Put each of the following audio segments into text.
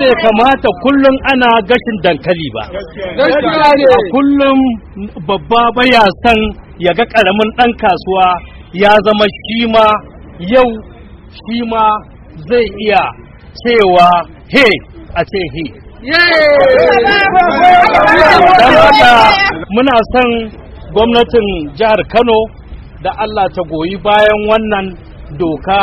bai kamata kullum ana gashin dankali ba kullum babba baya san ya ga karamin ɗan kasuwa ya zama shi ma yau shi ma zai iya cewa he a ce he muna son gwamnatin jihar kano da allah ta goyi bayan wannan doka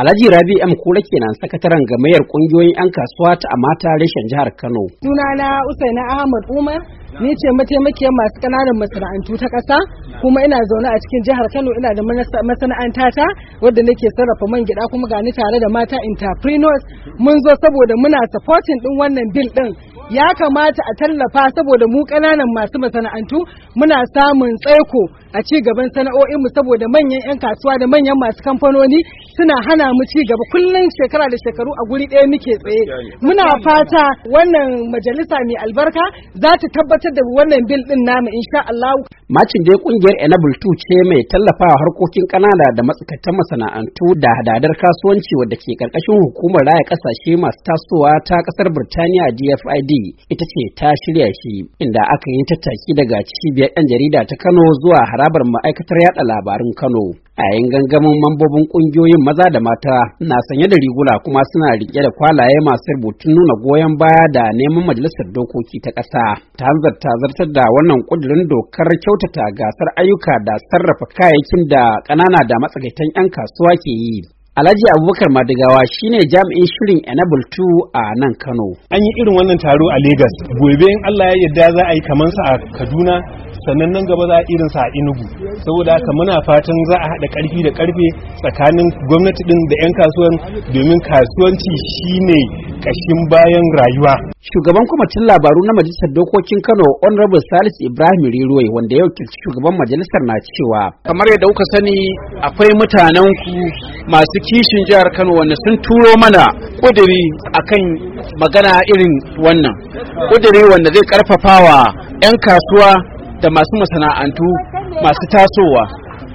Alhaji Rabi M Kura kenan sakataren gamayar kungiyoyin 'yan kasuwa ta Amata reshen jihar Kano. Sunana Usaina Ahmad Umar ni ce mataimakiyar masu kananan masana'antu ta ƙasa kuma ina zaune a cikin jihar Kano ina da masana'anta ta wadda nake sarrafa man gida kuma gani tare da mata entrepreneurs mun zo saboda muna supporting din wannan bill din ya kamata a tallafa saboda mu ƙananan masu masana'antu muna samun tsaiko a ci gaban sana'o'inmu saboda manyan 'yan kasuwa da manyan masu kamfanoni suna hana mu ci gaba kullum shekara da shekaru a guri ɗaya muke tsaye muna fata wannan majalisa mai albarka za ta tabbatar da wannan bil din namu insha Allah macin dai kungiyar enable 2 ce mai tallafawa harkokin kanada da matsakaitan masana'antu da hadadar kasuwanci wadda ke karkashin hukumar raya kasashe masu tasowa ta kasar Birtaniya DFID ita ce ta shirya shi inda aka yi tattaki daga cibiyar 'yan jarida ta Kano zuwa harabar ma'aikatar yada labarin Kano a yayin gangamin mambobin kungiyoyin maza da mata na sanye da rigula kuma suna rike da kwalaye masu rubutun nuna goyon baya da neman majalisar dokoki ta ƙasa ta hanzar ta zartar da wannan ƙudurin dokar kyautata gasar ayyuka da sarrafa kayayyakin da ƙanana da matsakaitan 'yan kasuwa ke yi Alhaji Abubakar Madigawa shine jami'in shirin Enable 2 a nan Kano. An yi irin wannan taro a Lagos. Gobe in Allah ya yarda za a yi kamansa a Kaduna, sannan nan gaba za a irin sa a inugu saboda haka muna fatan za a haɗa ƙarfi da ƙarfe tsakanin gwamnati ɗin da 'yan kasuwan domin kasuwanci shine ƙashin bayan rayuwa shugaban kwamitin labaru na majalisar dokokin kano honorable salisu ibrahim riroy wanda yau wakilci shugaban majalisar na cewa kamar yadda kuka sani akwai mutanen ku masu kishin jihar kano wanda sun turo mana kuduri akan magana irin wannan ƙudiri wanda zai karfafawa 'yan kasuwa da masu masana'antu masu tasowa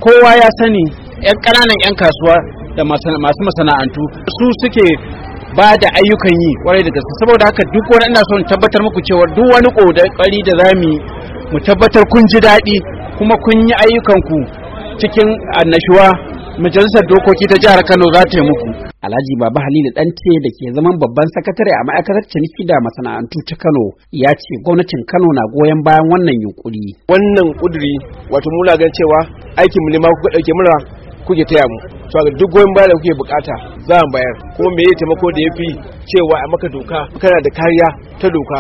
kowa ya sani 'yan ƙananan 'yan kasuwa da masu masana'antu su suke ba da ayyukan yi kwarai da gaske saboda haka duk wani ina son tabbatar muku cewa duk wani kokari da za mu mu tabbatar kun ji daɗi kuma kun yi ayyukanku cikin annashuwa majalisar dokoki ta jihar kano za ta yi muku Alhaji Baba Halilu Dante da ke zaman babban sakatare a ma'aikatar ciniki da masana'antu ta Kano ya ce gwamnatin Kano na goyon bayan wannan yunkuri. Wannan kuduri wato muna gan cewa aikin mu ne ma kuka dauke mura kuke taya mu. To ga duk goyon bayan da kuke bukata za mu bayar. Kuma me yake taimako da yafi cewa a maka doka kana da kariya ta doka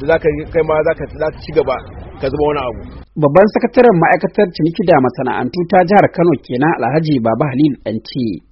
da zaka kai ma zaka za ci gaba ka zama wani abu. Babban sakataren ma'aikatar ciniki da masana'antu ta jihar Kano kenan Alhaji Baba Halilu Dante.